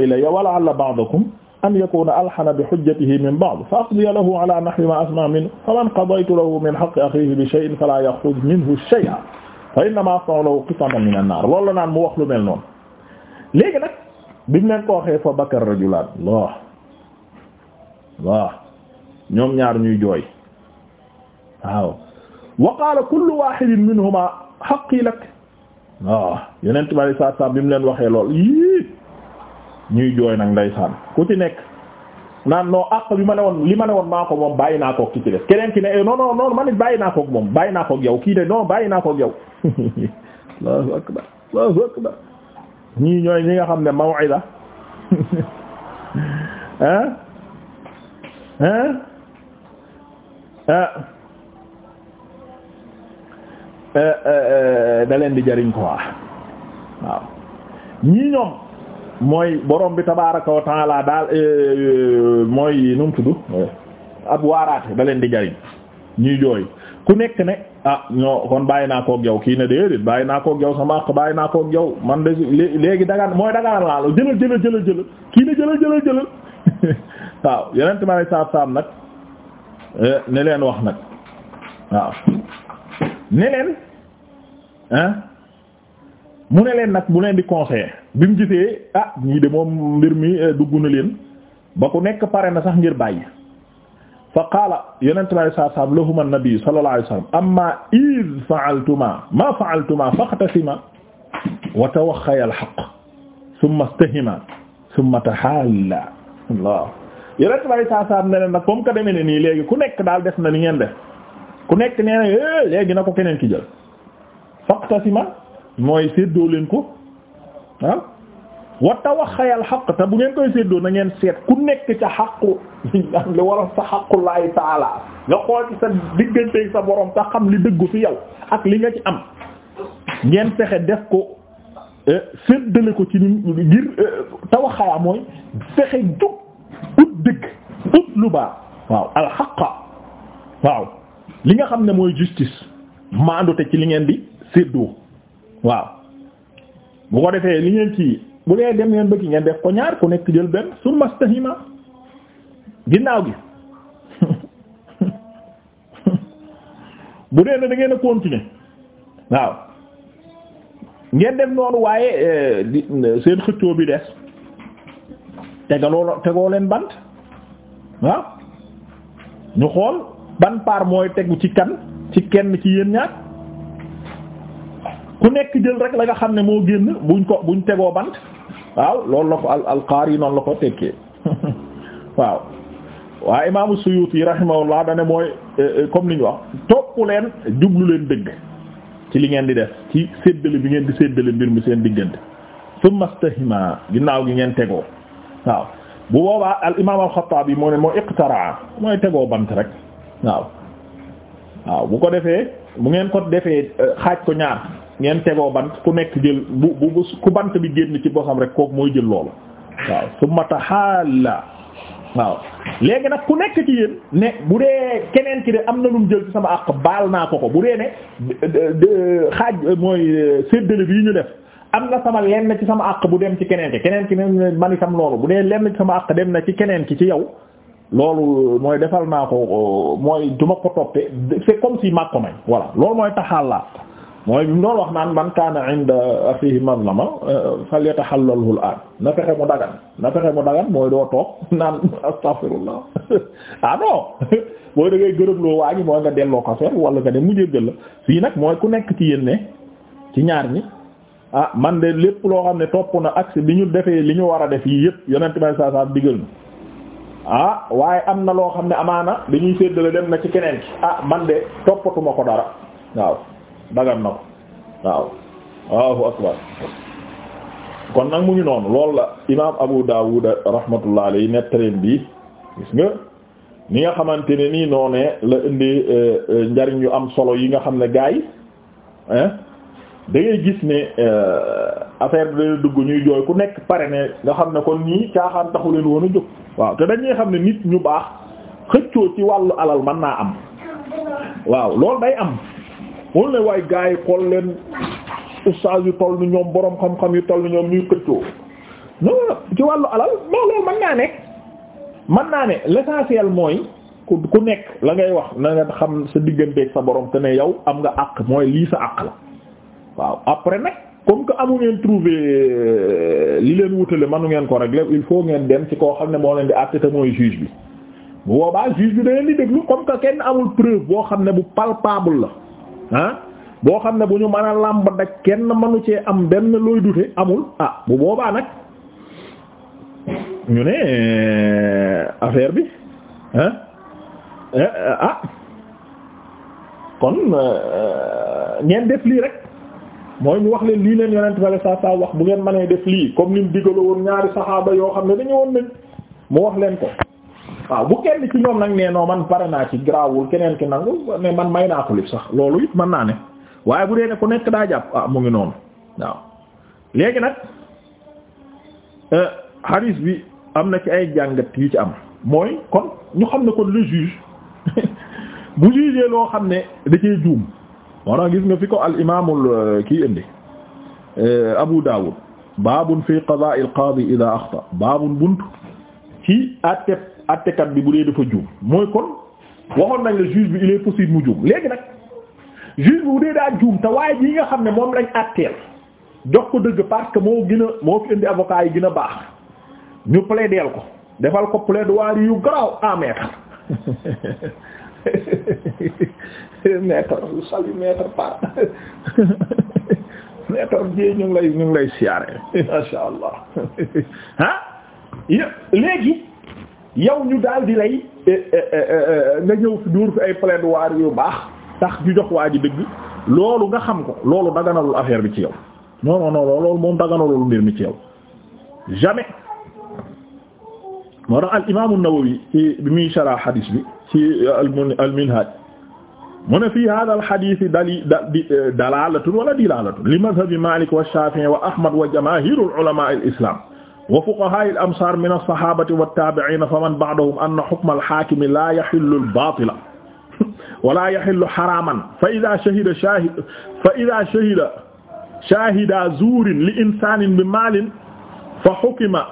ilayya wa la'alla ba'dakum an yakuna alhana bi hujjatihi min ba'd fa aqdiya lahu ala nahwi ma asma minhu faman qadaytu lahu min haqqi akhihi bi shay'in fala yaxruj minhu shay'an fa innama asna'u lahu qit'atan min an-nar loolu la naan mu wax lu mel noonu léegi nag bimu leen ko waxee fa bakar rajulan Allah Allah ñoom ñaar ñuy jooy waaw wa qaala kullu wahidin minhuma haqqi lak waaw yeneen tubaab yi saa saa bi mu leen waxee lool yii ñuy jooy nag ndeysaan ku ci nekk naan non àq ma ne woon li ma ne woon maa ko moom bàyyi naa koog ki ci def keneen ki ne eh, non non non man it bàyyi naa koog moom bàyyi naa koog yow kii de non bàyyi naa koog yow allahu akbar allahu akbar ñii ñooy ñi nga xam ne maw'ida hein hein eh, eh, da leen di jariñ quoi waaw ñii ñoom mooy borom bi tabaara tabaaraka wa laa daal eh, mooy nu mu tudd eh, ab waaraate da leen di jariñ ñuy jooy ku nekk ne ah ñoo kon bàyyi naa koo yow kii na déedéet bàyyi naa koo yow sama ak bàyyi naa koog yow man de léegi dagaan mooy dagaan laa la jëlal jëlal jëlal jëlal kii ne jëlal jëlal jëlal waaw yeneen i ma lay saaf saaf nag eh, ne leen wax nag waaw ne leen ah mu ne leen nag mu leen di conseiller. bi mu gisee ah ñii de moom mbir mi eh, dugg na leen ba ku nekk pare na sax ngir bàyyi fa qaala yonente bi alayhi salaatu salaam lahuma nabi sallallahu alayhi wasallam amma iz fa'altuma ma fa'altuma faqtasima wa tawakhaya al-haqq thumma istahima thumma tahalla Allah yonente bi alayhi salaatu salaam ne comme que demee ne nii léegi ku nekk daal def na ni ngeen def ku nekk nee na eh, léegi na ko keneen ki jël faqtasima mooy séddoo leen ko ah wa tawaxayal xaq te bu ngeen koy séddoo na ngeen seet ku nekk ca xaqu li wala sa xaqullaahi taala nga xool ci sa digganteeg sa borom te xam li dëggu fi yow ak li nga ci am ngeen fexe def ko eh, séddale ko ci ngir eh, tawaxayaa mooy fexe jub ut dëgg ut lu baax waaw alxaqa waaw li nga xam ne mooy justice maandu te ci li ngeen di séddoo waaw bu ko defee li ngeen ci bu dee dem ngeen bëgg ngeen def ko ñaar ku nekk jël benn surmastahima ginnaaw gi bu dee ne da ngeen a continuer waaw ngeen def noonu waaye euh, seen xëccoo bi des tegaloo tegoo leen bant waaw ñu xool ban paar mooy tegu ci kan ci kenn ci yéen ñaar. ku nekk jël rek la nga xam ne moo génn buñ ko buñ tegoo bant waaw loolu la ko al alqaar yi noonu la ko tekkee waaw waaye imaamu Suyuti rahimahullah dane mooy eh, eh, comme ni ñu wax topp leen jublu leen dëgg ci li ngeen di def ci séddale bi ngeen di séddale mbir mi seen diggante summa stahima ginnaaw gi ngeen tegoo waaw bu boobaa al imaam al-Xattaabi moo ne moo iqtaraa mooy tegoo bant rek waaw waaw bu ko defee bu ngeen ko defee eh, xaaj ko ñaar ngeen tegoo bant ku nekk jël bu bu ku bant bi génn ci bosam rek kooku mooy jël loolu waaw summa tahaalla waaw léegi nag ku nekk ci yéen ne bu dee keneen ki de am na lu mu jël sama àq baal naa ko ko bu dee ne xaaj mooy séddale bi ñu def am na sama lenn ci sama àq bu dem ci keneen ki keneen ki ne man itam loolu bu dee lenn ci sama àq dem na ci keneen ki ci yow loolu mooy defal naa ko mooy duma ko toppe c'est comme si maa ko may voilà loolu mooy taxaalaat mooy bi mu doon wax naan man kaana inda axiihi mazlama falyatahallalhu al-aan na fexe mu dagan na fexe mu dagan mooy doo toog naan astaghfirullah ah non mooy da ngay gërëmloo waa ji mooy nga delloo ko affaire wala nga ne mu jéggal la fii nag mooy ku nekk ci yéen ci ñaar ñi ah man de lépp loo xam ne topp na axe li ñu defee li ñu war a def yii yëpp yonent may saa saa digal na ah waaye am na loo xam ne amaana dañuy séddale dem na ci keneen ki ah man de toppatuma ko dara dagan na ko waaw Allahu akbar kon nag mu ngi noonu loolu la imaam Abu Dawud rahmatullah alayhi nettareen bi gis nga ni nga xamante ne nii noonee la indi eh, eh, njariñ yu am solo yi nga xam ne gaay yi da ngay gis ne eh, affaire bi dana dugg ñuy jooy ku nekk pare ne nga xam ne ko ñii caaxaan taxu leen woon a jóg waaw te dañuy xam ne nit ñu baax xëccoo ci wàllu alal mën naa am waaw lool day am won la waay gars yi xool leen ustaas yu toll ni ñoom boroom xam-xam yu toll ni ñoom ñuy xëccoo non ci wàllu alal non loolu mën naa nekk mën naa ne l'essentiel mooy ku ku nekk la ngay wax na nga xam sa digganteeg sa borom te ne yow am nga àq mooy lii sa àq la waaw après nag comme que amu ngeen trouver euh, li leen wutale manu ngeen ko régler il faut ngeen dem ci koo xam ne moo leen di àtte te mooy juge bi bu boobaa juge bi da leen di déglu comme que kenn amul boo xam ne bu palpable la ah boo xam ne bu ñu mën a làmb daj kenn mënu cee am benn looy dute amul ah bu boobaa nag ñu ne eh, affaire bi ah ah kon eh, ngeen def lii rek mooy ñu wax leen lii leen yonent bi saa saa wax bu ngeen mënee def lii comme li mu woon ñaari saxaaba yoo xam ne dañu woon nañ mu wax leen ko. waaw bu kenn ci ñoom nag nee noo man pare naa ci grawul keneen ki nangu ne man may naa ko sax loolu it mën naa ne waaye bu dee ne ku nekk daa jàpp ah mu ngi noonu waaw léegi nag euh, hadith bi am na ci ay jàngat yu ci am mooy kon ñu xam ne ko le juge bu jugee loo xam ne da cee juum moo gis nga fi ko al imaamul euh, kii indi euh, Abu Dawud babun fi qadaa'il qaadi idaa axta babun bunt ci àtte attekat bi bu dee dafa juum mooy kon waxoon nañ la juge bi il est possible mu juum léegi nag juge bi bu dee daa juum te waaye yi nga xam ne moom lañ àtteel jox ko dëgg parce que moo gën a moo fi indi avocat yi gën a baax ñu plaideel ko defal ko plaidoirie yu garaaw en maître maître salut maître par maître jie ñu ngi lay ñu ngi lay siyaare masha Allah ah léegi yow ñu daal di lay eh, eh, eh, nga ñëw fi duur fi ay plaidoiries yu baax tax ñu jox waa ji dëgg loolu nga xam ko loolu daganalul affaire bi ci yow non non non loolu moom daganalul mbir mi ci yow jamais moo tax al imaamu Nawawi ci bi muy sharh hadis bi ci al minhaj mu ne fii hada al hadis dali dalalatun wala dilalatun li madhabi Malik wa Shafi'i wa Ahmad wa jamaahirul ulama al islam wa fuqahaa al amsaar min as-sahaabati wat-taabi'iina faman ba'dahum anna hukma al-haakimi laa yahillu al-baatila wa laa yahillu haraaman fa idhaa shahida shaahid fa idhaa shahida shaahidaa zuurin li insaanin bi maalin fa hukima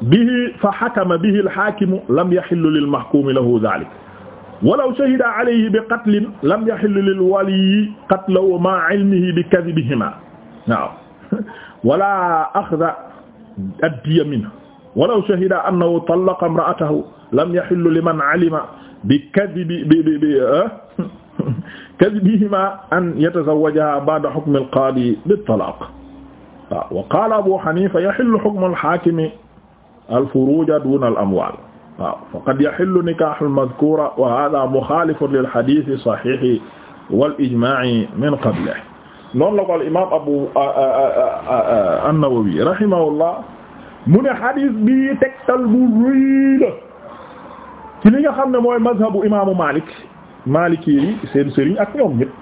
bihi fa hakama bihi al-haakimu lam yahillu lil-mahkuumi lahu dhaalika walaw shahida alayhi bi qatlin lam yahillu lil waliyyi qatluhu ma'a ilmihi bi kadhibihimaa waaw wala axda addiya minhu walaw shahida annahu tallaqa imra'atahu lam yahillu liman alima bi kadhibi bi bi bi eh? kadhibihima an yatazawwajaha ba'da hukm al-qadi bit-talaq ah, wa qala abu hanifa yahillu hukm al-hakimi al-furuja duna al-amwal waaw ah, faqad yahillu nikahu al-madhkura wa hadha mukhalifun lil-hadith as-sahih wal-ijma'i min qablihi noonu la ko al imaam Abu an-Nawawi rahimahullah mu ne xadiis bi tegtal bu rëy la ci li nga xam ne mooy mazhabu imaamu Malik Maliki yi seen sëriñ ak ñoom ñëpp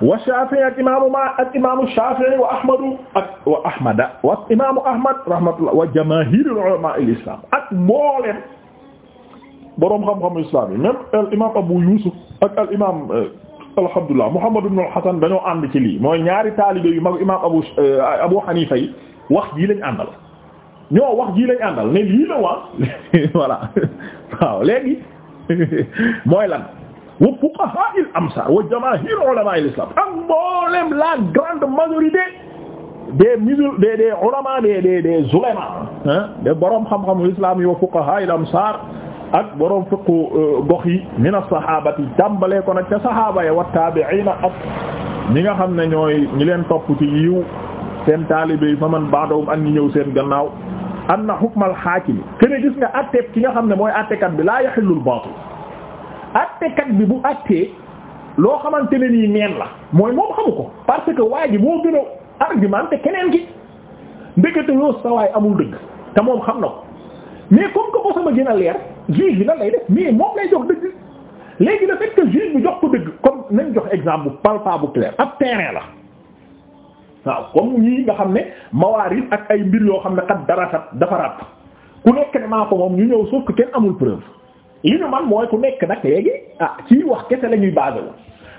wa Shafi'i ak imaamu ma ak imaamu Shafi'i wa Ahmadu ak wa Ahmada wa imaamu Ahmad rahmatullah wa jamaahirul ulama al-islam ak mbooleem boroom xam-xamu islam yi même al imaam Abu Yusuf ak al imaam. Euh, alhamdulilah Muhammad ibn al-Hasan dañoo ànd ci lii mooy ñaari taalibe yu mag imaam Abu euh, Abu wax jii lañ ñoo wax jii lañ ne lii la waa voilà waaw léegi mooy lan wa fuqaha il amsar jamaahir ulama al islam ak mboolem la grande majorité des musul des des ulama xam-xamu islam yi wa ak borom fiqu euh, gox yi min as-sahabati tàmbalee ko nag ca sahaaba ya wa tabi'ina ak ñi nga xam ne ñooy ñi leen topp ci yiw seen taalibe yi fa man ba'dahum ak ñi ñëw seen gannaaw na hukm al-hakim a gis nga atteeb ki nga xam ne mooy attekat bi la yahillu al-batil attekat bi bu attee loo xamante ne nii neen la mooy moom xamu ko parce que waa ji moo gën a argumenté keneen ki ndekete yoo sawaay amul dëgg te moom xam na ko mais comme gën a leer juge bi lan lay def mais moom lay jox dëgg léegi le fait que juge bi jox ko dëgg comme nañ jox exemple bu palpa bu clair ab terrain la waaw comme ñii nga xam ne mawaaris ak ay mbir yoo xam ne kat darasat dafa ràpp ku nekk ne maa ko moom ñu ñëw sauf que kenn amul preuve li ñu man mooy ku nekk nag léegi ah ci wax kese la ñuy basé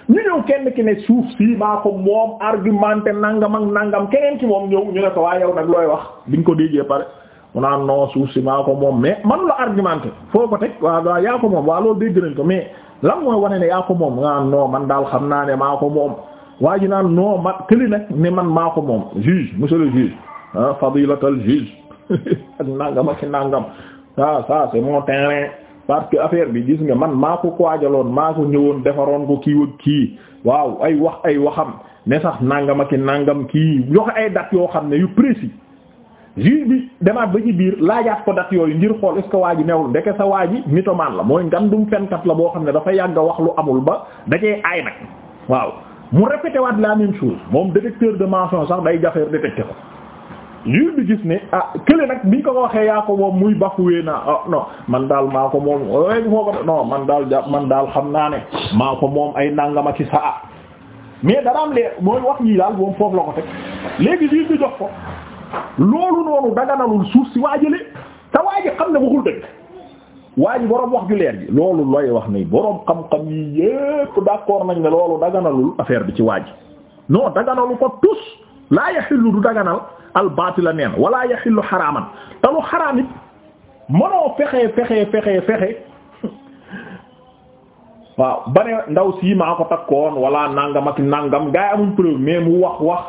ñu ñëw kenn ki ne suuf si maa ko moom argumenté nangam ak nangam keneen ki moom ñëw ñu ne ko waa yow nag looy wax biñ ko déggee pare naan non suuf si maa ko moom mais man la argumenté foo ko teg waaw waaw yaa ko moom waaw loolu dégg nañ ko mais lan mooy wane ne yaa ko moom nga naan non man daal xam naa ne maa ko moom waa ji naan noo ma këli nag ne man maa ko moom juge monsieur le juge ah fadilatal juge ak nangam ak nangam ça ça c'est mon terrain parce que affaire bi gis nga man maa ko kuwaajaloon maa ko ñëwoon defaroon ko kii ak kii waaw ay wax ay waxam ne sax nangam ki nangam kii joxe ay date yoo xam ne yu juge bi demaat ba ci biir laajaat ko dat yooyu ngir xool est ce que waa ji newul ndeke sa waa ji mythomane la mooy ngandum fenkat la boo xam ne dafa yàgg wax lu amul ba dacee aay nag waaw mu répété waat la même chose moom détecteur de mensonge sax day jafeer détecté ko juge bi gis ne ah kële nag bi ko ko waxee yaa ko moom muy bafoué naa ah non man daal maa ko moom foo eh, ko non man daal man daal xam naa ne maa ko moom ay nangama ci saa mais dara am lee mooy la ko teg léegi loolu noonu daganalul suuf si waajale te waaji xam ne waxul dëgg waaji boroom wax ju leer ji loolu looy wax ni boroom xam-xam yi yépp d'accord nañ ne loolu daganalul affaire bi ci waaji non daganalu ko tus laa yaxillu du daganal al baatila neen wala yaxillu xaraaman te lu xaraam mënoo fexe fexe fexe waaw ba ndaw sii maa ko takkoon wala nangam ak nangam gaa amuñ preuve mais mu wax wax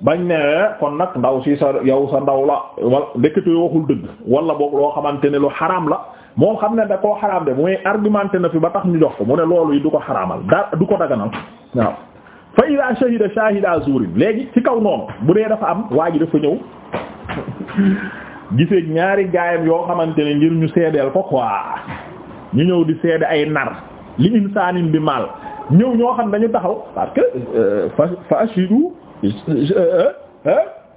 bañ ne eh, kon nag ndaw si sa yow sa ndaw la wala ndekete waxul dëgg wala boog loo xamante ne lu xaraam la moo xam ne da koo xaraam de mooy argumenté na fi ba tax ñu jox ko mu ne loolu yi du ko xaraamal da du ko daganal waaw fa ida shahida shahida zurin léegi ci kaw noonu bu dee dafa am waa ji fa ñëw giseeg ñaari gaayam yoo xamante ne ngir ñu seedeel ko quoi ñu ñëw di seede ay nar li insaanin bi mal ñëw ñoo xam dañu taxaw parce euh, fa fa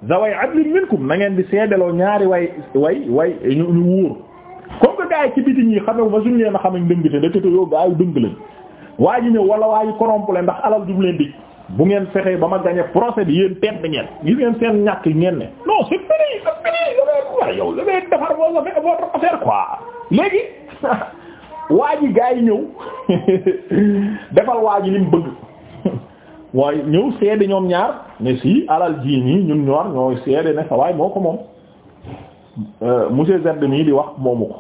zaway adlin minkum na ngeen di seedeloo ñaari way way way ñu ñu wóor comme que gars yi ci biti ñi xamewu ma suñu leen a xamañ dëngte dakata yoo gars yu dëng lañ waa ji ñëw wala waa ji corrompre leen ndax alal jum leen dig bu ngeen fexee ba ma gañe procès bi yéen tedd ngeen gis ngeen seen ñàkk ngeen ne non c'est fini c'est fini vous avez yow vous avez defar votre affaire quoi léegi waa ji gars yi ñëw defal waa ji li mu bëgg mooy ñëw seede ñoom ñaar ne si alal ji ñii ñun ñor ñooy seede ne sa waay moo ko moom euh, monsieur Zedd mii di wax moomu ko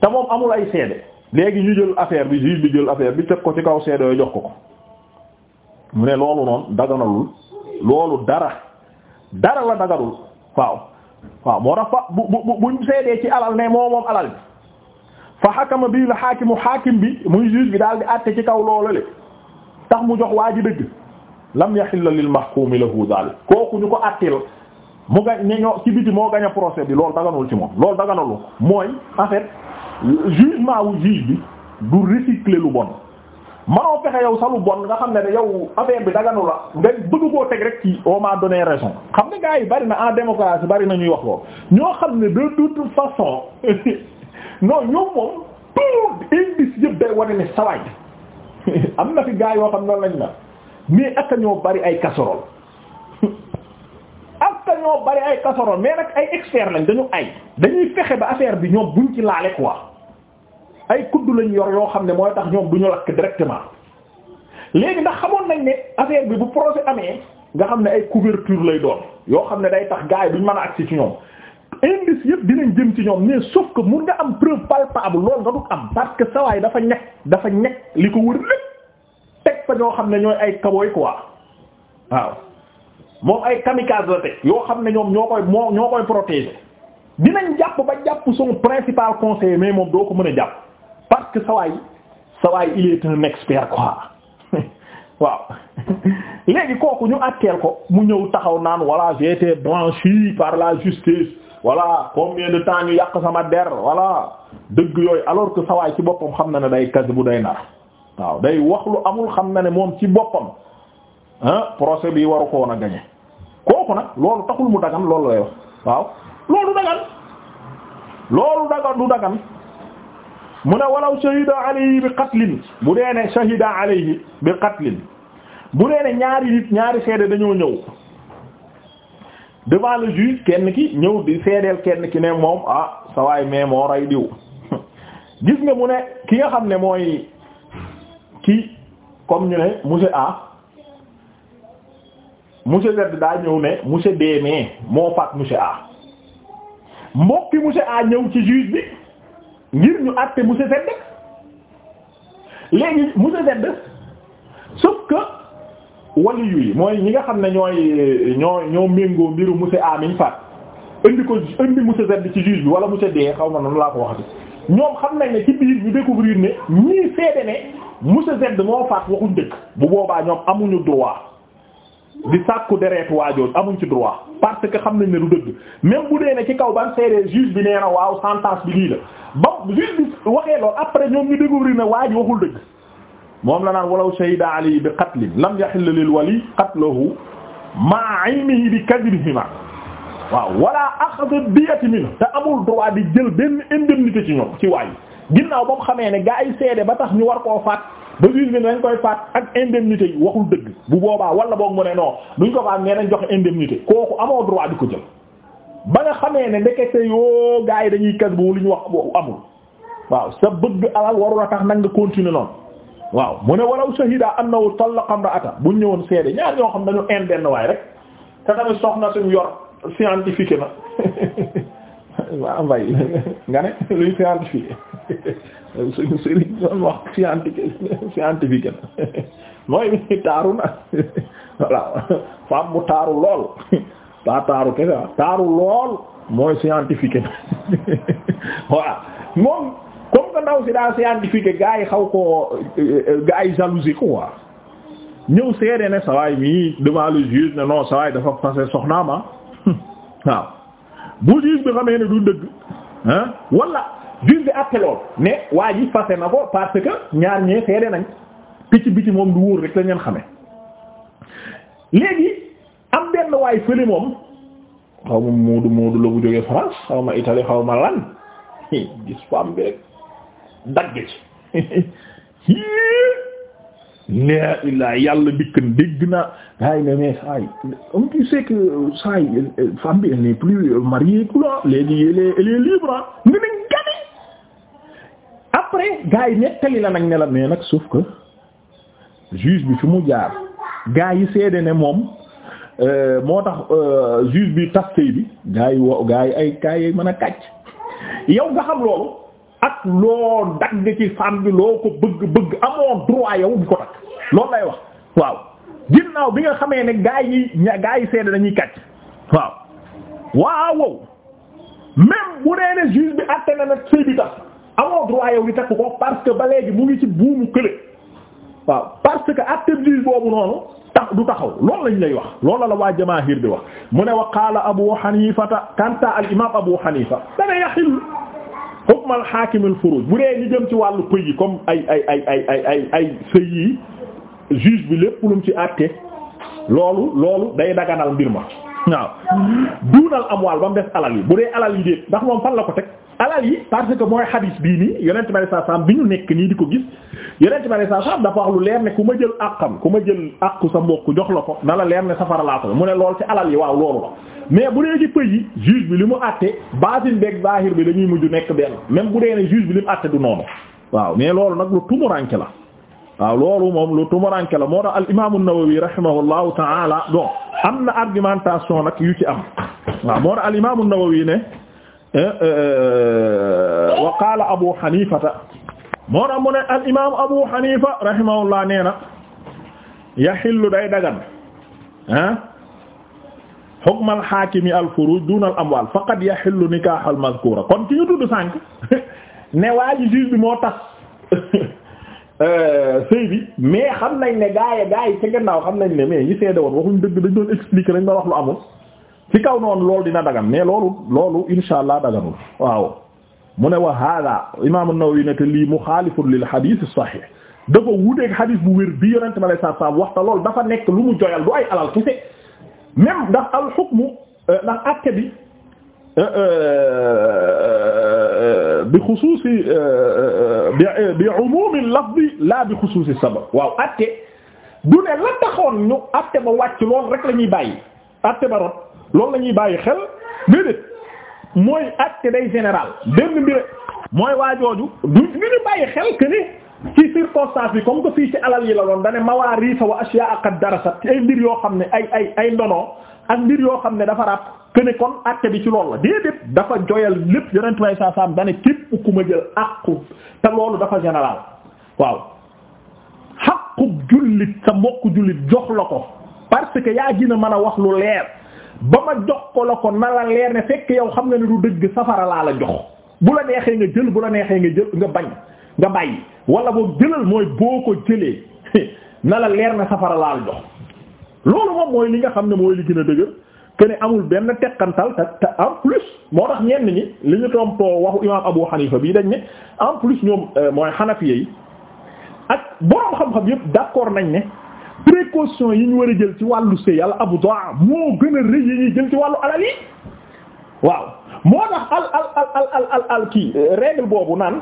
te moom amul ay seede léegi ñu jël affaire bi juge bi jël affaire bi teg ko ci kaw seede yooyu jox ko ko mu ne loolu noonu daganalul loolu dara dara la daganul waaw waaw moo tax fa bu bu buñ seedee ci alal ne moo moom alal bi fa xakama bii la xaakimu xaakim bi muy juge bi daal di àtte ci kaw loolu le tax mu jox waa ji dëgg lam yaxilla lil mahkumi lahu zalik kooku ñu ko attil mu ga ne ñoo ci biti moo gañ a procès bi loolu daganul ci moom loolu daganalu mooy en fait jugement wu juge bi du recycler lu bon manoo fexe yow sa lu bon nga xam ne ne yow affaire bi daganu la nga bëgg koo teg rek ci on m'a donné raison xam ne gars yi bari na en démocratie bari na ñuy wax loolu ñoo xam ne de toute façon non ñoom moom tout indice yëpp day wane ne sawaay am na fi gaa yoo xam ne lañ na mais ak ñoo bari ay casserole ak ñoo bari ay casserole mais nag ay expert lañ dañu ay dañuy fexe ba affaire bi ñoom buñ ci laale wa ay kudd lañ yor yoo xam ne mooy tax ñoom duñu lakk directement léegi ndax xamoon nañ ne affaire bi bu projet amee nga xam ne ay couverture lay doon yoo xam ne day tax gaa yi duñ mën a agsi ci ñoom indice yëpp dinañ jëm ci ñoom mais sauf que mun nga am preuve palpable loolu nga dut am parce que sawaay dafa ñekk dafa ñekk li ko wër lépp teg fa ñoo xam ne ñooy ay kabooy quoi waaw moom ay kamikaze la teg yoo xam ne ñoom ñoo koy moo ñoo koy protéger dinañ jàpp ba jàpp son principal conseiller mais moom doo ko mën a jàpp parce que sawaay sawaay il est un expert quoi waaw léegi kooku ñu àtteel ko mu ñëw taxaw naan voilà j'ai été par la justice voilà combien de temps ñu yàq sama der voilà dëgg yooyu alors que sawaay ci boppam xam na ne day kas bu day nar waaw day wax lu amul xam na ne moom ci boppam ah procès bi waru ko woon a gañe kooku nag loolu taxul mu dagan loolu lay wax waaw loolu dagan loolu dagan du mu ne walaw shahida alayhi bi qatlin bu dee ne shahida alayhi bi qatlin bu dee ne ñaari nit ñaari seede dañoo ñëw devant le juge kenn ki ñëw di seedeel kenn ki ne moom ah sa waay mais moo rey diw gis nga mu ne ki nga xam ne mooy ki comme ñu ne monsieur A muse Z daal ñëw ne monsieur d m moo faat monsieur A mbokki monsieur A ñëw ci juge bi ngir ñu àtte monsieur Z léegi monsieur Z sauf waliyu yi mooy ñi nga xam ne ñooy ñoo ñoo méngoo mbiru monsieur Amine Fat indi ko indi monsieur Z ci juge bi wala monsieur D xaw ma noonu laa ko waxati ñoom xam nañ ne ci biir ñu découvrir ne ñii seede ne monsieur Z moo faat waxul dëkk bu boobaa ñoom amuñu droit di sàkku deret waajoon amuñ ci droit parce que xam nañ ne du dëgg même bu dee ne ci kaw ban seede juge bi nee na waaw sentence bi lii la ba juge bi waxee loolu après ñoom ñu découvrir ne waaj waxul dëgg moom la naan walaw shahida ali bi qatlin lam yahill lil wali qatluhu ma'a aynihi bi kadrihima waaw wala axd diyati minhu te amul droit di jël benn indemnité ci ñoom ci waay ginnaaw ba mu xamee ne gaa yi seede ba tax ñu war koo faat ba juge bi dañ koy faat ak indemnité waxul dëgg bu boobaa wala boog mu ne non duñ ko faat nee nañ joxe indemnité kooku amoo droit di ko jël ba nga xamee ne ndekete yoo gaa yi dañuy kas bu lu ñu wax amul waaw sa bëgg alal warul a tax nag nga continuer noonu waaw mu ne walaw shahida annahu talaqa imra'ata buñ ñëwoon seede ñaar ñoo xam dañu indemne waay rek te tamit soxna suñu yor scientifique na waaw mbay nga wax scientifique scientifique na mooy taaru na voilà femme mu taaru lool pas taaru kese taaru lool mooy scientifique na waaw moom comme que ndaw si daa scientifique gaa yi xaw koo gaa yi jalousie quoi ñëw seede ne sawaay mii devant le juge ne non sawaay dafa passé soxnaam ah waaw bu juge bi xamee ne du dëgg ah wala juge bi attelool mais waa ji passé na ko parce que ñaar ñee seede nañ moom du wóor rek la ngeen xamee léegi am benn moom xaw ma Moodu Moodu la bu France xaw ma Italie xaw ma lan gis faam bi rek. dagg ci mais illaa yàlla dikkan dégg naa gaa yi ne mais saa yi comme tu que saa yi femme bi elle n'est plus mariée quoi léegi elle est elle ah. nga ne gane après gaa yi nettali la nag ne la nag sauf que juge bi fi mu jaar gaa yi seede ne moom euh, moo tax euh, juge bi tas bi gaa yi wo gaa ay gaa yi mën a kàcc yow nga loolu ak loo dagg ci femme bi loo ko bëgg bëgg amoon droit yow bi ko takk lool lay wax waaw ginnaaw bi nga xamee ne gaa yi ña gaa yi seede dañuy kàcc waaw waaw même bu dee ne juge bi àtte na nag sëy bi tax amoo droit yow di takk ko parce que ba léegi mu ngi ci buumu kële waaw parce que àtte juge boobu noonu tax du taxaw loolu lañ lay wax loolu la waa jamaahir bi wax mu ne wa qaala Abu Hanifata kanta al imam Abu Hanifa dana yaxil hukmal hakim al furuj bu dee ñu jëm ci wàllu pëy yi comme ay ay ay ay ay ay ay sëy yi juge bi lépp lu ci àtte loolu loolu day daganal mbir ma waaw duunal amwaal ba mu des alal yi bu dee alal yi déet ndax moom fan la ko teg alal yi parce que mooy xadiis bii nii yonent bi saa saam bi ñu nekk nii di ko gis yonent bi saa saam dafa wax lu leer ne ku ma jël àqam ku ma jël àqu sa mbokk jox la ko na la leer ne safara laa ko mu ne lool ci alal yi waaw loolu la mais bu dee ci pëy yi juge bi li mu àtte baatin beeg zahir bi dañuy mujj nekk benn même bu dee ne juge bi li mu àtte du noonu waaw mais loolu nag lu tumuranke la waaw loolu moom lu tumuranke la moo tax al imaamu Nawawi rahimahullahu ta'ala donc am na argumentation nag yu ci am waaw moo na al imam an-Nawawi ne eh, eh, eh, wa qaala Abu Hanifata moo na mu ne al imam Abu Hanifa rahimahullah nee na yaxillu day dagan ah hukmal haakimi al furuj duna al amwal faqad yaxillu nikaah al mazkuura kon ci ñu tudd sànq ne waa ji juge bi moo tax Euh, sëy bi mais xam nañ ne gaay gaay ca gannaaw xam nañ ne mais ñi seede woon waxuñ dëgg dañ doon expliquer dañ doon wax lu amul ci kaw noonu loolu dina dagan mais loolu loolu insha allah daganul waaw mu ne wa hada imam an-Nawawi ne te lii muxaalifun lil hadith as-sahih dafa wuteeg hadith bu wér bi yonente ma lay sa saam waxta loolu dafa nekk lu mu joyal du ay alal kese même ndax al hukmu euh, ndax acte bi Euh, euh, euh, bi xusuusi bi bi umumi lafzi la bi xusuusi sabab waaw atte du ne la taxoon ñu atte ba wàcc lool rek la ñuy bàyyi atte ba rot loolu la ñuy bàyyi xel déedéet mooy day général benn mbir mooy waa jooju du ñu ñu bàyyi xel que ci circonstance bi comme que fii ci alal yi la doon da ne mawaariisa wa ashyaa qad darasat ci ay mbir yoo xam ne ay ay ay ndono ak mbir yoo xam ne dafa ràpp que ne kon acte bi ci loolu la déedéet dafa joyal lépp yonent may saa saam dane képp ku ma jël àqu te loolu dafa général waaw xaqub jullit sa mbokku jullit jox la ko parce que yaa gina mën a wax lu leer ba ma jox ko la ko na la leer ne fekk yow xam nga ne du dëgg safara laa la jox bu la neexee nga jël bu la neexee nga jël nga bañ nga bàyyi wala boo jëlal mooy boo ko jëlee na la leer ne safara laa la jox loolu moom mooy li nga xam ne mooy li gën a dëgër que ne amul benn teqantal te en plus moo tax ñenn ñi li ñu tontoo waxu imaam Abu Hanifa bii dañ ne en plus ñoom euh, mooy Hanafiya yi ak boroom xam-xam yëpp d'accord nañ ne précaution yi ñu war a jël ci wàllu sëy al abdaa moo gën a rëy yi ñuy jël ci wàllu alal yi waaw moo tax al al al al kii euh, règle boobu naan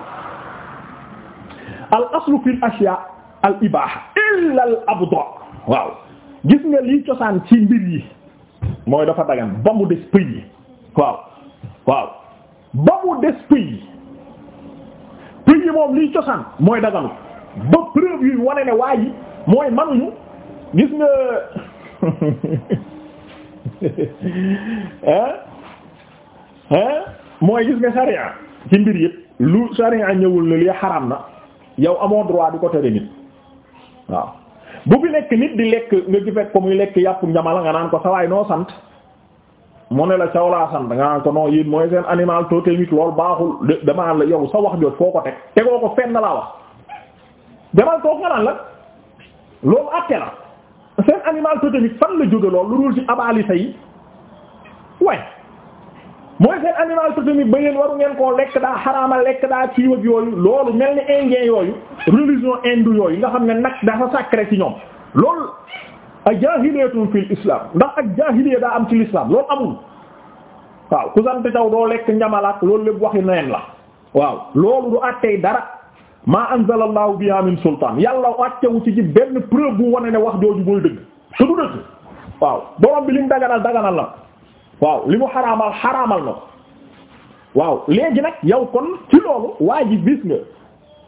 al aslu fil ashya al ibaha illa al abdaa waaw. gis nga lii cosaan ci mbir yi mooy dafa dagan ba mu des pëy yi waaw waaw ba mu des pëy yi pëy yi moom lii cosaan mooy daganu ba preuve yuy wane ne waa yi mooy manuñu gis nga hein hein mooy gis nga sariya ci mbir yëpp lu sariya ñëwul ne lii xaram na yow amoo droit di ko tere nit waaw bu fi nekk nit di lekk nga ci fekk ko muy lekk yàpp njamala nga naan ko sawaay noo sant mu ne la caw laa sant nga naan ko non yéen mooy seen animal totémique la yow sa wax ko teg tegoo ko fenn laa wax demal toog nga naan la loolu àtte la seen animal totémique fan la jóge lool lu dul ci abalisa yi waaye mooy seen animal totémique ba yéen waru ngeen koo lekk daa xaraama lekk daa kiiw ak yooyu loolu mel ni indien yooyu religion hindu yooyu nga xam ne nag dafa sacré ci ñoom loolu ak jaahiliyatun fil islam ndax ak jaahiliya daa am ci l'islam loolu amul waaw ku sant taw doo lekk njamalaat loolu lépp waxi neen la waaw loolu du àttee dara maa anzala allahu biha sultaan yàlla wàccewu ci benn preuve bu wane ne wax jooju booy dëgg te du dëgg waaw borom bi lim la waaw li mu xaraamal xaraamal na waaw léegi nag yow kon ci loolu waa ji bis nga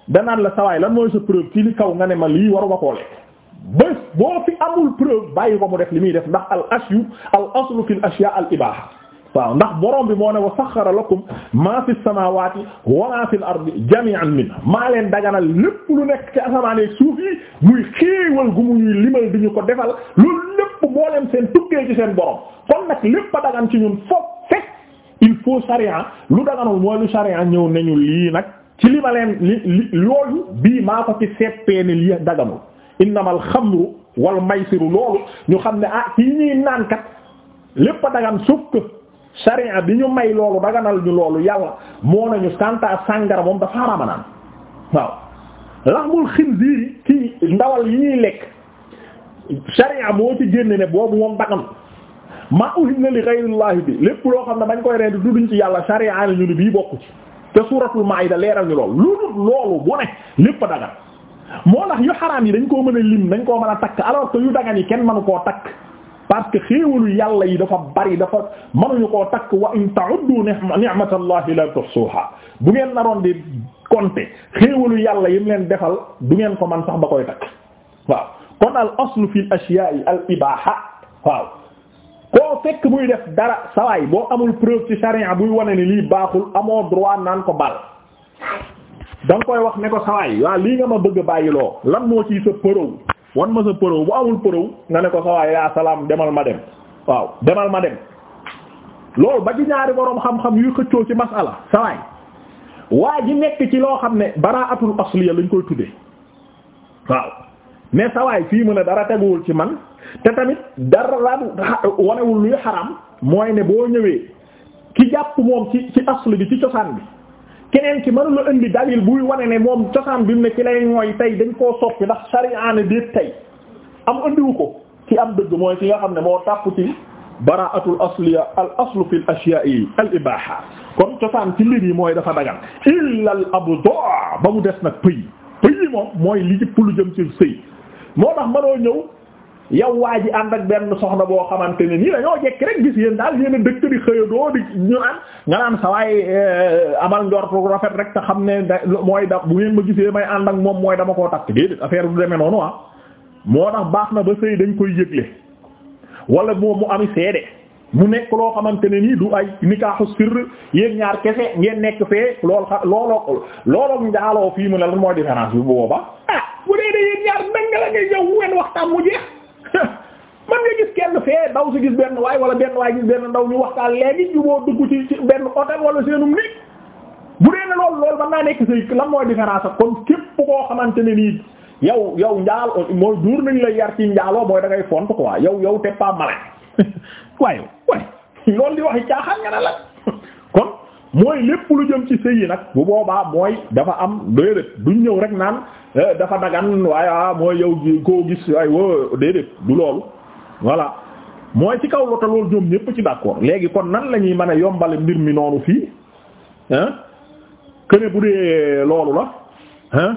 danaan la sawaay lan mooy sa preuve ci li kaw nga ne ma lii waru ma koo lekk boo fi amul preuve bàyyi ko mu def li muy def ndax al asyu al aslu fil ashya al ibaha waaw ndax borom bi moo ne wa saxxara lakum maa fi samaawaati wa maa fil ardi jami'an minhu maa leen daganal lépp lu nekk ci asamaan ak suuf yi muy xéewal gu mu ñuy limal di ñu ko defal loolu lépp mboolem seen tukkee ci seen borom kon nag lépp a dagan ci ñun foofu fekk il faut sariya lu daganul mooy lu sariya ñëw nañu lii nag ci li ma loolu bii maa ko ci seppee ne lii daganul innamal xamru wal maysiru loolu ñu xam ne ah ci ñuy naan lépp a dagan sharia bi ñu may loolu daganal ñu loolu yàlla moo na ñu santa sàngara moom dafa xaraama naan waaw laxmul xinziir ci ndawal yi ñuy lekk sharia moo ci génne ne boobu moom dagan ma uhilla li ghayrillahi bi lépp loo xam ne bañ koy rendi duduñ ci yàlla sharia la ñu ni bii bokku ci te suuratul maayida leeral ñu loolu lu dul loolu bu ne lépp a dagan moo tax yu xaraam dañ koo mën a lim dañ koo mën a takk alors que yu dagan yi kenn mënu koo takk parce que xéewalu yàlla yi dafa bari dafa mënuñu koo takk wa in ta'uddu ni'matallahi bu ngeen naroon di compter xéewalu yàlla yi mu leen defal du ngeen ko man sax ba koy takk waaw kon al aslu fi al ashiya'i al ibaha waaw koo fekk muy def dara sawaay boo amul preuve ci charia buy wane ni lii baaxul amoo droit naan ko bal da koy wax ne ko sawaay waaw lii nga ma bëgg a bàyyiloo lan moo ci sa përëw wan ma sa përëw bu amul përëw nga ne ko sa waay yaa salaam demal ma dem waaw demal ma dem loolu ba ci ñaari boroom xam-xam yuy xëccoo ci masala sa waa ji nekk ci loo xam ne baraatul asliya lañ koy tuddee waaw mais sa fii mu ne dara teguwul ci man te tamit dara wanewul luy xaram mooy ne boo ñëwee ki jàpp moom ci ci asli bi ci cosaan bi keneen ki mënula indi dalil buy wane ne moom cosaan bi mu ne ci lay ñooy tey dañ koo soppi ndax sariyaane déet tey am indiwu ko ci am dëgg mooy ki nga xam ne moo tàpp ci bara'atul asliya al aslu fil ashiya'i al kon cosaan ci mbir yi mooy dafa dagan illa al abda ba mu des nag pëy pëy moom mooy li jëpp lu jëm ci sëy moo tax mënoo ñëw yow waa ji ànd ak benn soxna boo xamante ne nii dañoo jekki rek gis yéen daal yéen a dëkk di xëyadoo di ñu naan nga naan sa euh, amal njort rafet rek te xam ne mooy da bu ngeen ma gisee may ànd ak moom mooy dama koo takk déedéet affaire du demee noonu ah. moo baax na ba sëy dañ koy yëgle wala moom mu ami seede mu nekk loo xamante ne nii du ay nikaaxu sirr yéen ñaar kese ngeen nekk fee lool xa looloo looloo njaaloo fii mu ne lan mooy différence bi bu boobaa ah bu dee de yéen ñaar nang la ngay yow wen waxtaan mu jeex man nga gis kenn fee daw si gis benn waay wala benn waay gis benn ndaw ñu waxtaan léegi ñu boo dugg ci ci benn hôtel wala seenum nit bu dee ne loolu loolu mën naa nekk say lan mooy différence ak kon képp koo xamante ne nii yow yow njaal mooy duur nañ la yar ci njaaloo mooy da ngay font quoi yow yow te pas waaye waaye loolu di wax caaxaan nga ne la mooy lépp lu jëm ci sëy yi nag bu boobaa mooy dafa am déedéet duñ ñëw rek naan eh, dafa dagan waaye ah mooy yow koo gis ay wo déedéet du loolu voilà mooy ci kaw lota loolu ñoom ñépp ci d'accord léegi kon nan la ñuy mën a yombale mbir mi noonu fii ah këne bu dee loolu la ah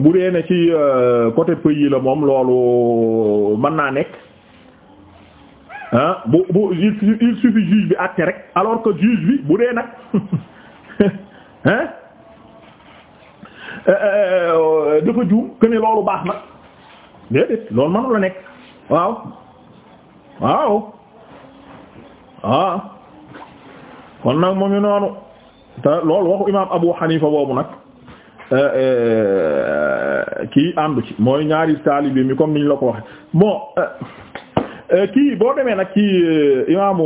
bu dee ne ci euh, côté pays yi la moom loolu mën naa nekk ah bu bu il suffit juge bi àtte rek alors que juge bi bu dee nag hein euh, euh, euh, dafa juum que loolu baax na déedéet loolu mënu la nekk waaw waaw ah kon nag mu ngi noonu te loolu waxu imaam Abu Hanifa boobu nag kii àndu ci mooy ñaari taalibe mi comme niñ la ko waxe Euh, kii boo demee nag kii euh, imaamu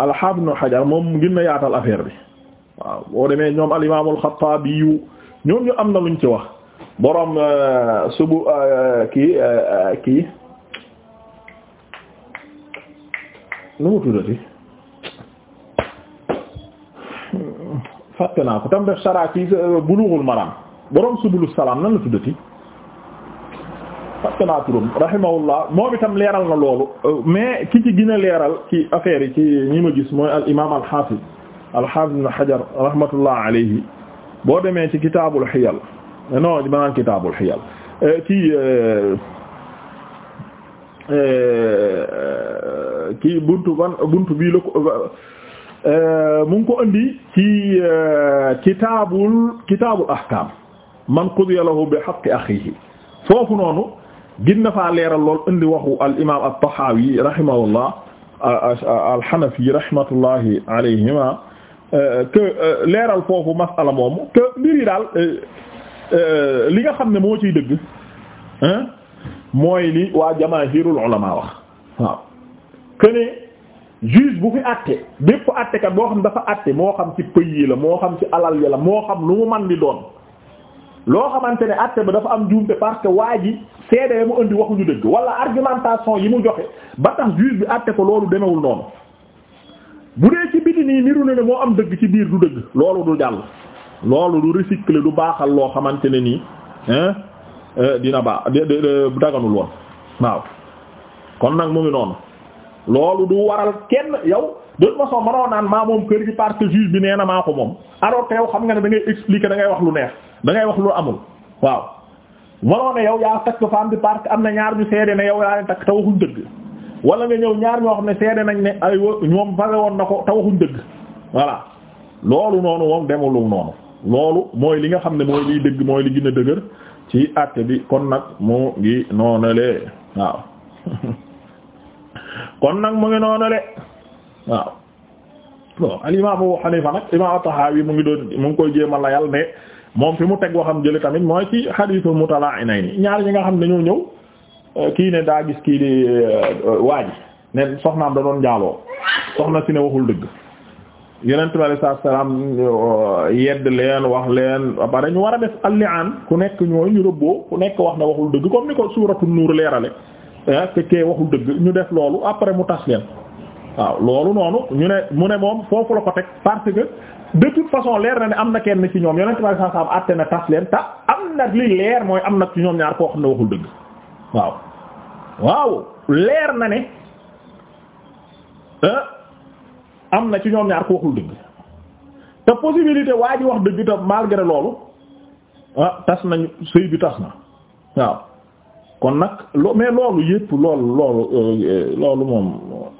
al-Hafiz Ibn Hajar moom gën na yaatal affaire bi waaw boo demee ñoom al imaamu al-Khattabi ñoom ñu am na luñ ci wax boroom euh, subu kii kii nu mu tuddati fàtte naa ko tam def saraa ci Bulughul Maram boroom subulu salaam nan la tuddati fàtte naa turam rahimahullah moom itam leeral na loolu mais ki ci gën a leeral ci affaire yi ci ñi ma gis mooy al imaam al xaafis al xaafis ibn Hajar rahmatullah alayhi boo demee ci kitaabul xiyal non ma naan kitaabul xiyal eh, ci ci eh, eh, buntu ban buntu bii la ko mu ngi ko indi ci kitaabul kitaabul ahkaam man qudiya lahu bi haqqi akhihi foofu noonu gin na faa leeral lool indi waxu al imaam at-Tahawi rahimahullah al-Hanafi rahmatullahi alayhima que euh, leeral foofu masala moomu que mbir yi daal euh, euh, li nga xam ne moo ciy dëgg mooy li waa jamaahirul ulama wax waaw que ne juge bu fi àtte bépp àttekat boo xam dafa àtte moo xam ci pays yi la moo xam ci alal yi la moo xam lu mu man di doon loo xamante ne acte ba dafa am juumte parce que waa ji seede mu indi waxuñu dëgg wala argumentation yi mu joxe ba tax juge bi acte ko loolu demewul noonu bu dee ci biti nii niru na ne moo am dëgg ci biir du dëgg loolu du jàll loolu du recycler du baaxal loo xamante ne nii euh, dina baax daganul woon waaw kon nag mu ngi noonu loolu du waral kenn yow de toute façon naan maa moom kër gi parce que bi nee na maa ko moom alors que yow xam nga ne da expliquer da ngay wax lu neex da ngay wax lu amul waaw. mënoo ne yow yaa takk femme bi parce que am na ñaar ñu seede ne yaw yaa leen takk te waxuñ dëgg wala nga ñëw ñaar ñoo xam ne seede nañ ne ay ñoom fale woon na ko te waxuñ dëgg voilà loolu noonu moom demul noonu loolu mooy li nga xam ne mooy liy dëgg mooy li gën a dëgër ci àtte bi kon nag mu ngi noonale waaw. kon nag mu ngi noonu le waaw bon al imam Abu Hanifa nag imam Tahawi mu ngi doon mu ngi koy jéema layal ne moom fi mu teg waxam jële tamit mooy ci hadithu mutala'inayn ñaar ñi nga xam ne dañoo ñëw euh, kii ne daa gis kii di euh, waaji ne soxnaam da doon njaaloo soxna si ne waxul dëgg yeneen bi alei salatua salaam euh, yedd leen wax leen après ñu war a def al-li'aan ku nekk ñooy ñu rëbboo ku nekk wax na waxul dëgg comme ni ko suuratu nuur leerale te kee waxul dëgg ñu def loolu après mu tas leen waaw loolu noonu ñu ne mu ne moom foofu la ko teg parce que de toute façon leer na ne am na kenn ci ñoom yonent bi saa saam àtte na tas leen te am na li leer mooy am na ci ñoom ñaar koo xam ne waxul dëgg waaw waaw leer na ne am na ci ñoom ñaar ko waxul dëgg te possibilité waa ji wax dëgg te malgré loolu ah tas nañu sëy bi tas na waaw kon nag loo loolu yëpp loolu loolu euh, loolu moom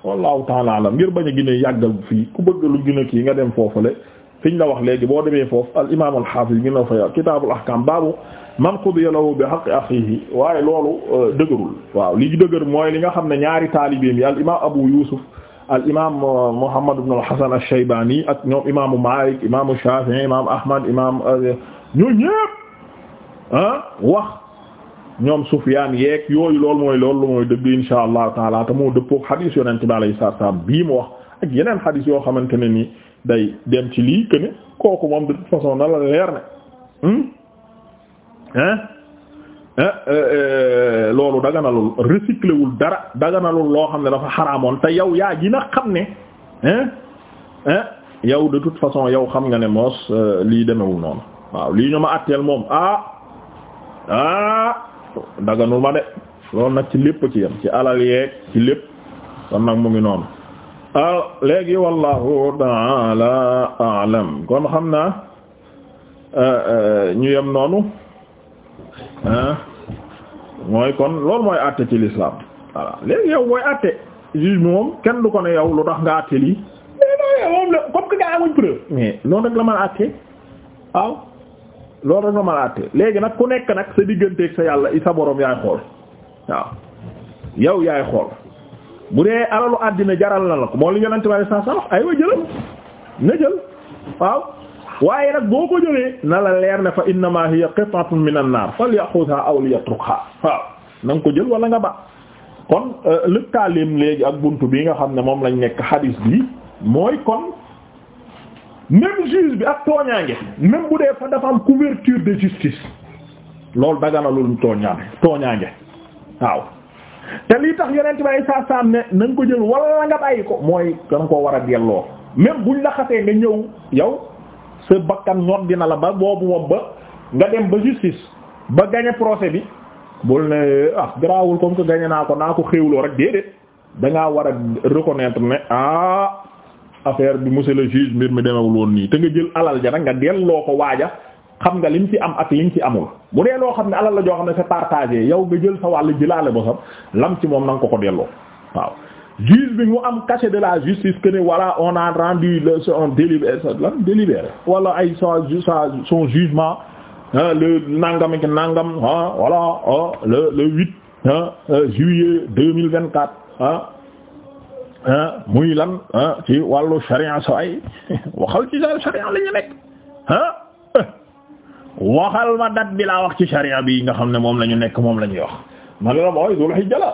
wallahu taala alam ngir bañ a gën a yàggal fii ku bëgg lu gën nga dem foofule fiñ la wax léegi boo demee foofu al imaam al xaafis gën a fa kitaabul ahkaam baabu man qudiya lahu bi haqqi axiihi waaye loolu euh, waaw li dëgër mooy li nga xam ne ñaari taalibeem yi al imaam abu yusuf al imaam euh, muhammad ibn al hasan al shaybaani ak ñoom imaamu maalik imaamu shaafi'i imaam ñoo ñëpp ah wax. ñoom Sufyaan yeeg yooyu loolu mooy loolu mooy dëgg insha allahu taala te moo dëppook xadiis yonent bi alayhi salaam bii mu wax ak yeneen xadiis yoo xamante ne ni day dem ci lii que ne kooku moom de toute façon na la leer ne hmm? hein euh, euh, loolu daganalul recyclé wul dara daganalul loo xam ne dafa xaraamoon te yow yaa gina xam ne hein yow de toute façon yow xam nga ne moos euh, lii demewul noonu waaw lii ñu ma àtteel moom ah ah daganu ma de loolu nag ci lépp ci yam ci alal yeeg ci lépp kon nag mu ngi noonu ah léegi wallahu taala alam kon xam naa eh, eh, ñu yem noonu ah, mooy kon loolu mooy àtte ci l'islam léegi yow mooy àtte juge moom kenn du ko ne yow lu tax nga àtte lii comme que nga amuñ preuve mais noonu rek la mën a àtte waaw loolu rek nga mën àtte léegi nag ku nekk nag sa digganteeg sa yàlla i sa boroom yaay xool waaw yow yaay xool bu dee alalu àddina jaral na la ko moo li yonente bari sa saa aywa jëlal na jël waaw waaye nag boo ko jëlee na la leer ne fa innama hiya qit'atun minan nar falyakhudha aw liyatrukha waaw nang ko jël wala nga ba kon euh, lëkkaalim léegi ak bunt bii nga xam ne moom lañ nekk hadis bi mooy kon même juge bi ak tooñaange même bu dee fa dafa am couverture de justice loolu daganalul tooñaange tooñaange waaw te lii tax yonent bi ay saasaam ne na ko jël wala nga bàyyi ko mooy da nga koo war a delloo même buñ la nga ñëw yow sa bakkan ñor dina la ba boobu moom ba nga dem ba justice ba gañe procès bi bul ne ah garaawul comme que gañe naa ko naa ko xéwloo rek déedéet da ngaa war a reconnaître ne ah. affaire bi monsieur le juge mbir mi demewul woon nii te nga jël alal ja nag nga delloo ko waaja xam nga lim ci am ak lim ci amul bu dee loo xam ne alal la joo xam ne c'est partagé yow nga jël sa wàll jëlaale bosam lam ci moom na nga ko ko delloo waaw juge bi mu am cachet de la justice que ne voilà on a rendu le son délibéré lan délibéré wala ay sa son jugement le nangam ak nangam ah le le huit euh, deux mille vingt quatre Ah, muy lan ah, ci wàllu sharia sa ay waxal ci sharia la ñu nekk ah waxal ma dat bi laa wax ci sharia bi nga xam ne moom la ñu nekk moom la ñuy wax man la mooy dul xijja la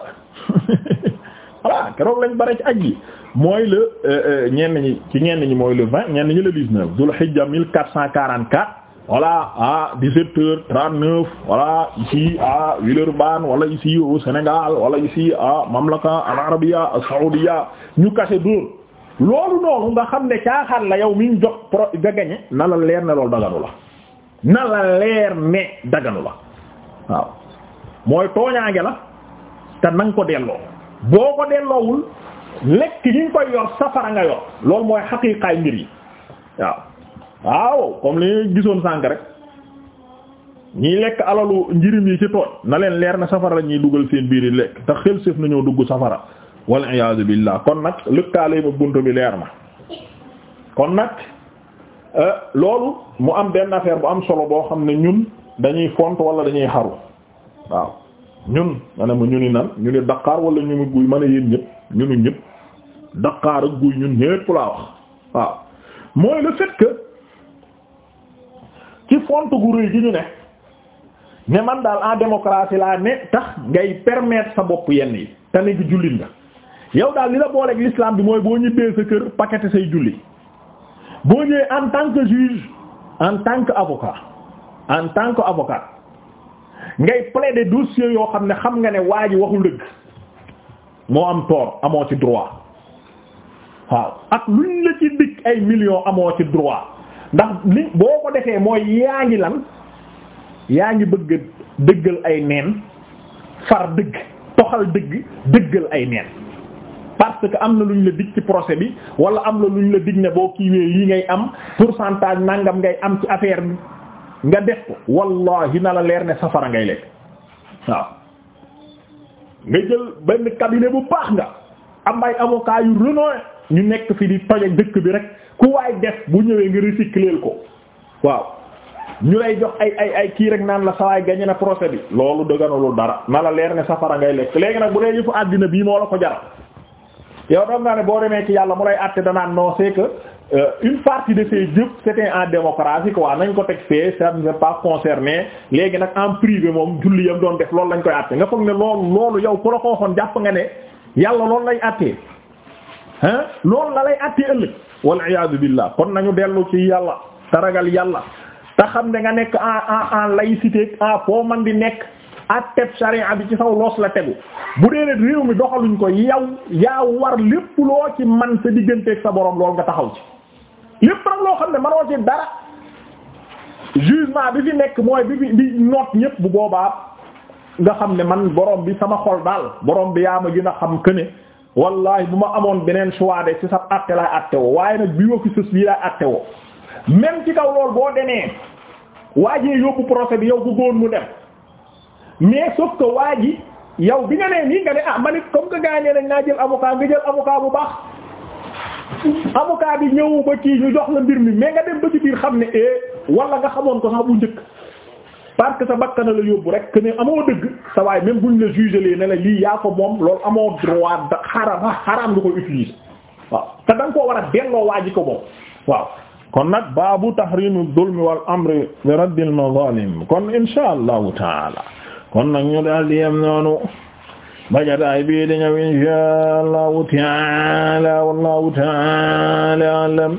voilà keroog lañ bare ci aj yi mooy le euh, euh, ñenn ñi ci ñenn ñi mooy le vingt ñenn ñi le dix-neuf dul xijja mille quatre cent quarante-quatre voilà à 17 heures 39 voilà ici à Villeurbanne wala ici au Sénégal wala ici à Mamlaka al Arabia al Saoudia ñu kase loolu noonu nga xam ne caaxaan la yow mi ñu jox pro nga gañe leer ne loolu daganu la na la leer ne daganu la waaw mooy tooñaange la te nanga ko delloo boo ko delloowul lekk yi koy yor safara nga yor loolu mooy xaqiiqaay mbir yi waaw waaw comme li ñu gisoon sànk rek ñiy lekk alalu njirim yi ci tooñ na leen leer na safara lañuy ñuy dugal seen biir yi lekk te xel séef nañoo dugg safara wal iyaazu billah kon nag lëkkaale ma bunt bi leer na kon nag euh, loolu mu am benn affaire bu am solo boo xam ne ñun dañuy font wala dañuy xaru waaw ñun ma ne ma ñu ni nan ñu ni Dakar wala ñu guy ma ne yéen ñëpp ñunu ñëpp Dakar ak guy ñun ñëpp laa wax waaw mooy le fait ci font gu rëy gi ñu ne ne man daal en démocratie laa ne tax ngay permettre sa bopp yenn yi te ne gi jullit nga yow daal li la booleeg l'islam bi mooy boo ñibbee sa kër paquet say julli boo ñëwee en tant que juge en tant que avocat en tant que avocat ngay de dossier yoo xam ne xam nga ne waa ji waxul moo am tort amoo ci droit waaw at luñ la ci dikk ay millions amoo ci droit ndax li boo ko defee mooy yaa ngi lan yaa ngi bëgg dëggal ay neen far dëgg toxal dëgg dëggal ay neen parce que am na lu ñu la dig ci procès bi wala am na lu ñu la dig ne boo kiiwee yi ngay am pour pourcentage nangam ngay am ci affaire bi nga def ko wallahi na la leer ne safara ngay lekk waaw nga jël benn cabinet bu baax nga am ay avocat yu ñu nekk fi di toje dëkk bi rek ku waay def bu ñëwee nga recycler ko waaw ñu lay jox ay ay ay kii rek naan la sawaay gañe na procès bi loolu dëgganalul dara na la leer ne safara ngay lekk léegi nag bu dee yëfu àddina bii moo la ko jaral yow doom naa ne boo demee ci yàlla mu lay àtte danaan non c'est que euh, une partie de ces jëf c'était en démocratie quoi nañ ko teg fee ça n'est pas concerné léegi nag en privé moom julli yam doon def loolu lañ koy àtte nga foog ne loolu loolu yow ku la ko waxoon jàpp nga ne yàlla loolu lay àtte hein loolu la lay àttee ëllëg wal iyaadu billah kon nañu dellu ci yàlla te ragal yàlla te xam ne nga nekk en en en laïcité en foo man di nekk àtteb sharia bi ci saw loos la tegu bu dee ne réew mi doxaluñ ko yow yaa war lépp loo ci man sa digganteek sa boroom loolu nga taxaw ci lépp nag loo xam ne manoo ci dara jugement bi fi nekk mooy bi bi bi noot ñépp bu boobaa nga xam ne man borom bi sama xol daal borom bi yaa ma gën a xam que wallahi bu ma amoon beneen choix ci sa àtte laay àtte woo waaye nag bi woo fi sës laay àtte woo même ci kaw lool boo demee waajee yóbbu procès bi yow góor mu dem mais sauf que waa ji yow bi nga nee nii nga ne ah man it comme que gars yi nañ naa jël avocat nga jël avocat bu baax avocat bi ñëw ba kii ñu jox la mbir mi mais nga dem ba ci biir xam ne eh wala nga xamoon ko sax bu njëkk parce que la yóbbu rek que amoo dëgg sa waay même buñ la jugé la lii yaa ko moom amoo droit da xarama xaraam nga koy utiliser waaw te da a delloo waa ji ko moom waaw kon nag baabu tahrimi dulmi wal amri bi raddil mazalim kon insha allahu taala kon nag ñu daal di yem noonu bajataay bii di ñëw insha allahu taala wallahu taala alam